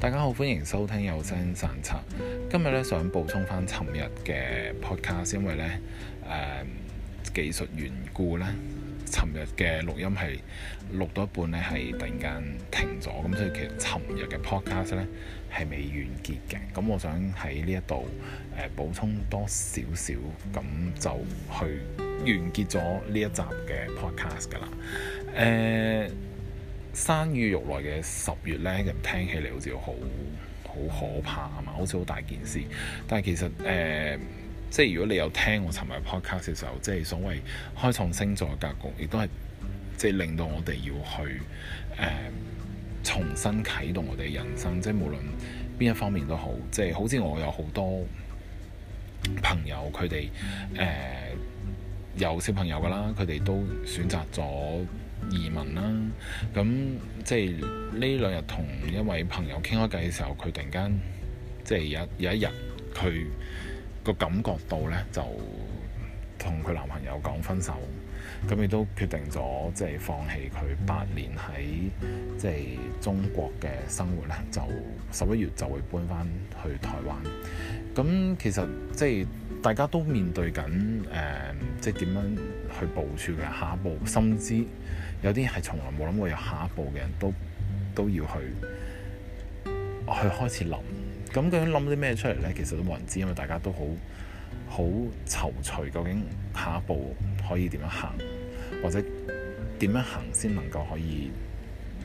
大家好，歡迎收聽有聲散策。今日咧想補充翻尋日嘅 podcast，因為咧誒、呃、技術緣故咧，尋日嘅錄音係錄到一半咧係突然間停咗，咁所以其實尋日嘅 podcast 咧係未完結嘅。咁我想喺呢一度誒補充多少少，咁就去完結咗呢一集嘅 podcast 噶啦，誒、呃。山雨欲來嘅十月咧，聽起嚟，好似好好可怕啊嘛，好似好大件事。但係其實誒、呃，即係如果你有聽我尋日 podcast 嘅時候，即係所謂開創星座格局，亦都係即係令到我哋要去誒、呃、重新啟動我哋人生，即係無論邊一方面都好，即係好似我有好多朋友，佢哋誒有小朋友噶啦，佢哋都選擇咗，移民啦，咁即係呢兩日同一位朋友傾開偈嘅時候，佢突然間即係有有一日，佢個感覺到呢，就同佢男朋友講分手，咁亦都決定咗即係放棄佢八年喺即係中國嘅生活咧，就十一月就會搬翻去台灣。咁其實即係大家都面對緊誒、呃，即係點樣去部署嘅下一步深知。有啲係從來冇諗過有下一步嘅人，都都要去去開始諗，咁究竟諗啲咩出嚟呢？其實都冇人知，因為大家都好好躊躇究竟下一步可以點樣行，或者點樣行先能夠可以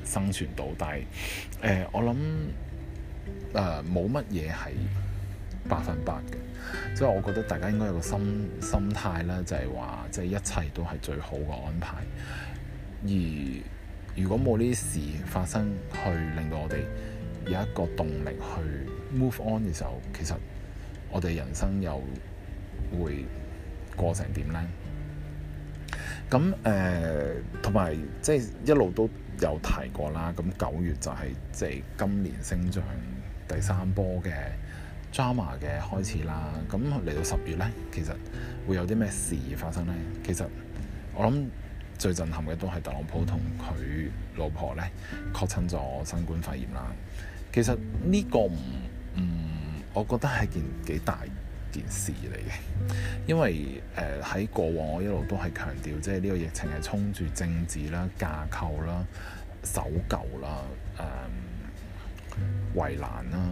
生存到。但係、呃、我諗、呃、冇乜嘢係百分百嘅。即係我覺得大家應該有個心心態呢，就係話即係一切都係最好嘅安排。而如果冇呢啲事發生，去令到我哋有一個動力去 move on 嘅時候，其實我哋人生又會過成點呢？咁誒，同埋即係一路都有提過啦。咁九月就係即係今年升漲第三波嘅 drama 嘅開始啦。咁嚟到十月呢，其實會有啲咩事發生呢？其實我諗。最震撼嘅都係特朗普同佢老婆咧確診咗新冠肺炎啦。其實呢、呢個唔唔、嗯，我覺得係件幾大件事嚟嘅，因為誒喺、呃、過往我一路都係強調，即係呢個疫情係衝住政治啦、架構啦、守、啊、舊啦、誒、啊、圍欄啦、啊，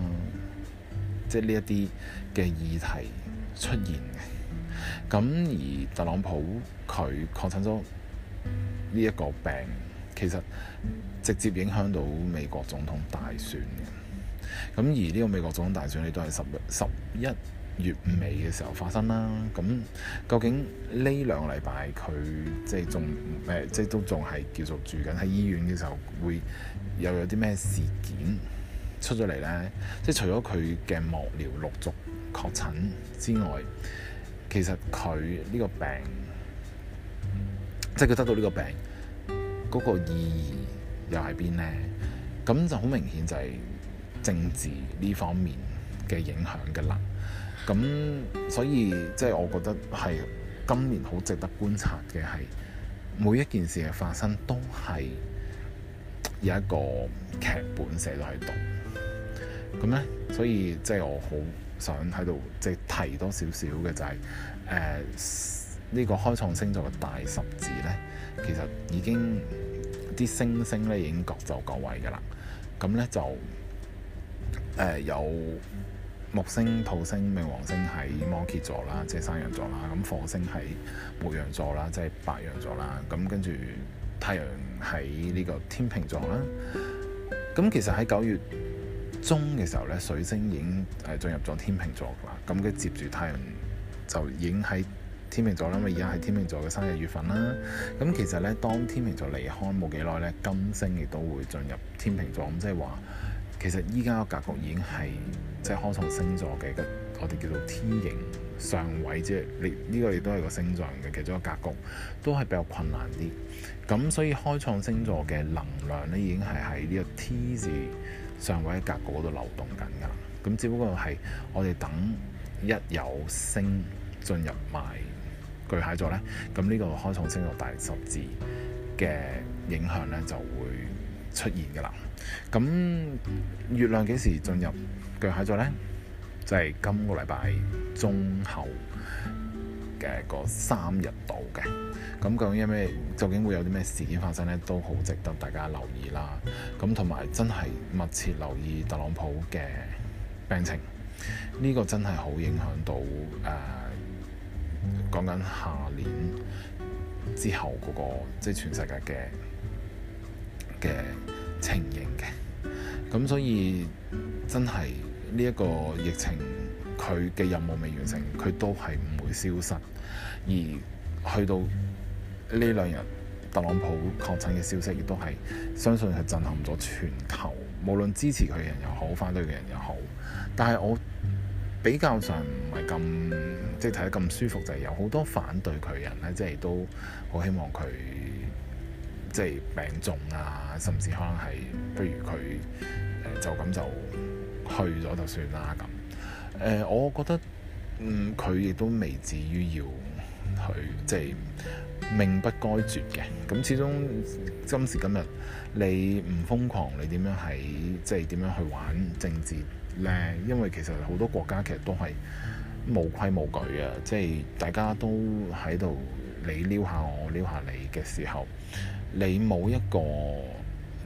即係呢一啲嘅議題出現嘅。咁而特朗普佢確診咗。呢一個病其實直接影響到美國總統大選嘅，咁而呢個美國總統大選，你都係十十一月尾嘅時候發生啦。咁究竟呢兩個禮拜佢即係仲誒，即係都仲係叫做住緊喺醫院嘅時候，會又有啲咩事件出咗嚟呢？即係除咗佢嘅幕僚陸續確診之外，其實佢呢個病。即係佢得到呢個病，嗰、那個意義又喺邊呢？咁就好明顯就係政治呢方面嘅影響嘅啦。咁所以即係我覺得係今年好值得觀察嘅係每一件事嘅發生都係有一個劇本寫到喺度咁呢。所以即係我好想喺度即係提多少少嘅就係、是、誒。呃呢個開創星座嘅大十字呢，其實已經啲星星呢已經各就各位噶啦。咁呢，就、呃、誒有木星、土星、冥王星喺摩羯座啦，即係山羊座啦。咁火星喺牧羊座啦，即係白羊座啦。咁跟住太陽喺呢個天秤座啦。咁其實喺九月中嘅時候呢，水星已經係進入咗天秤座啦。咁佢接住太陽就已經喺天秤座啦，咪而家係天秤座嘅生日月份啦。咁其實咧，當天秤座離開冇幾耐咧，金星亦都會進入天秤座。咁即係話，其實依家個格局已經係即係開創星座嘅一個，我哋叫做 T 型上位，即係你、這、呢個亦都係個星座嘅其中一個格局，都係比較困難啲。咁所以開創星座嘅能量咧，已經係喺呢個 T 字上位嘅格局嗰度流動緊，㗎啦。咁只不過係我哋等一有星進入埋。巨蟹座咧，咁、這、呢個開創星座大十字嘅影響咧就會出現嘅啦。咁月亮幾時進入巨蟹座咧？就係、是、今個禮拜中後嘅嗰三日度嘅。咁究竟有咩？究竟會有啲咩事件發生咧？都好值得大家留意啦。咁同埋真係密切留意特朗普嘅病情，呢、這個真係好影響到誒。呃講緊下年之後嗰個即係全世界嘅嘅情形嘅，咁所以真係呢一個疫情佢嘅任務未完成，佢都係唔會消失。而去到呢兩日特朗普確診嘅消息，亦都係相信係震撼咗全球，無論支持佢嘅人又好，反對嘅人又好。但係我。比較上唔係咁即係睇得咁舒服，就係、是、有好多反對佢嘅人咧，即係都好希望佢即係病重啊，甚至可能係不如佢、呃、就咁就去咗就算啦咁。誒、呃，我覺得嗯佢亦都未至於要去即係命不該絕嘅。咁始終今時今日你唔瘋狂，你點樣喺即係點樣去玩政治？咧，因為其實好多國家其實都係無規無矩嘅，即係大家都喺度你撩下我，我撩下你嘅時候，你冇一個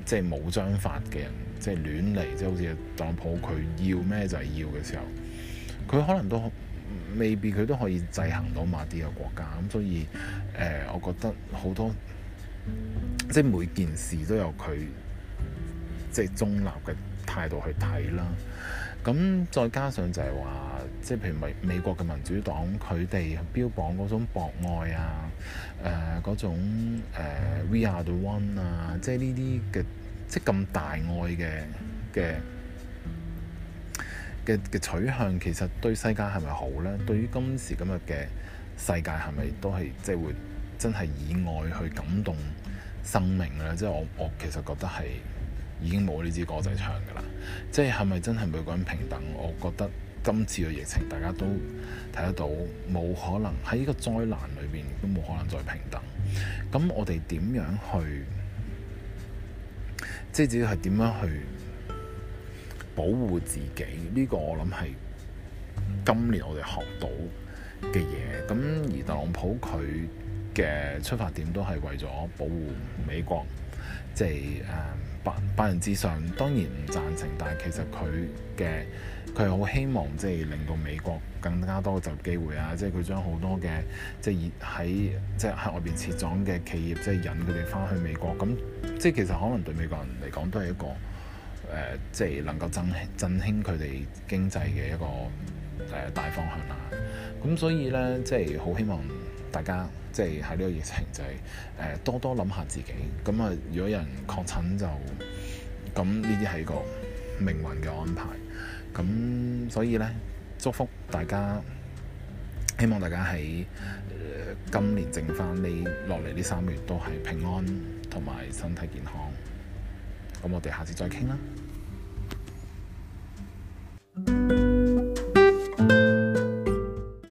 即係冇章法嘅人，即係亂嚟，即係好似特朗普，佢要咩就係要嘅時候，佢可能都未必佢都可以制衡到某啲嘅國家。咁所以誒、呃，我覺得好多即係每件事都有佢即係中立嘅態度去睇啦，咁再加上就係話，即係譬如美美國嘅民主黨，佢哋標榜嗰種博愛啊，誒、呃、嗰種、呃、We are the one 啊，即係呢啲嘅，即係咁大愛嘅嘅嘅嘅取向，其實對世界係咪好呢？對於今時今日嘅世界係咪都係即係會真係以愛去感動生命呢？即係我我其實覺得係，已經冇呢支歌仔唱㗎啦，即係係咪真係每個人平等？我覺得今次嘅疫情大家都睇得到，冇可能喺呢個災難裏邊都冇可能再平等。咁我哋點樣去？即係主要係點樣去保護自己？呢個我諗係今年我哋學到嘅嘢。咁而特朗普佢嘅出發點都係為咗保護美國。即係誒百百人之上，當然唔贊成，但係其實佢嘅佢係好希望，即係令到美國更加多嘅就業機會啊！即係佢將好多嘅即係喺即係喺外邊設廠嘅企業，即係引佢哋翻去美國。咁即係其實可能對美國人嚟講都係一個誒，即係能夠振振興佢哋經濟嘅一個誒大方向啦。咁所以咧，即係好希望。大家即係喺呢個疫情，就係誒多多諗下自己。咁啊，如果有人確診就咁呢啲係個命運嘅安排。咁所以呢，祝福大家，希望大家喺、呃、今年剩翻，你落嚟呢三個月都係平安同埋身體健康。咁我哋下次再傾啦。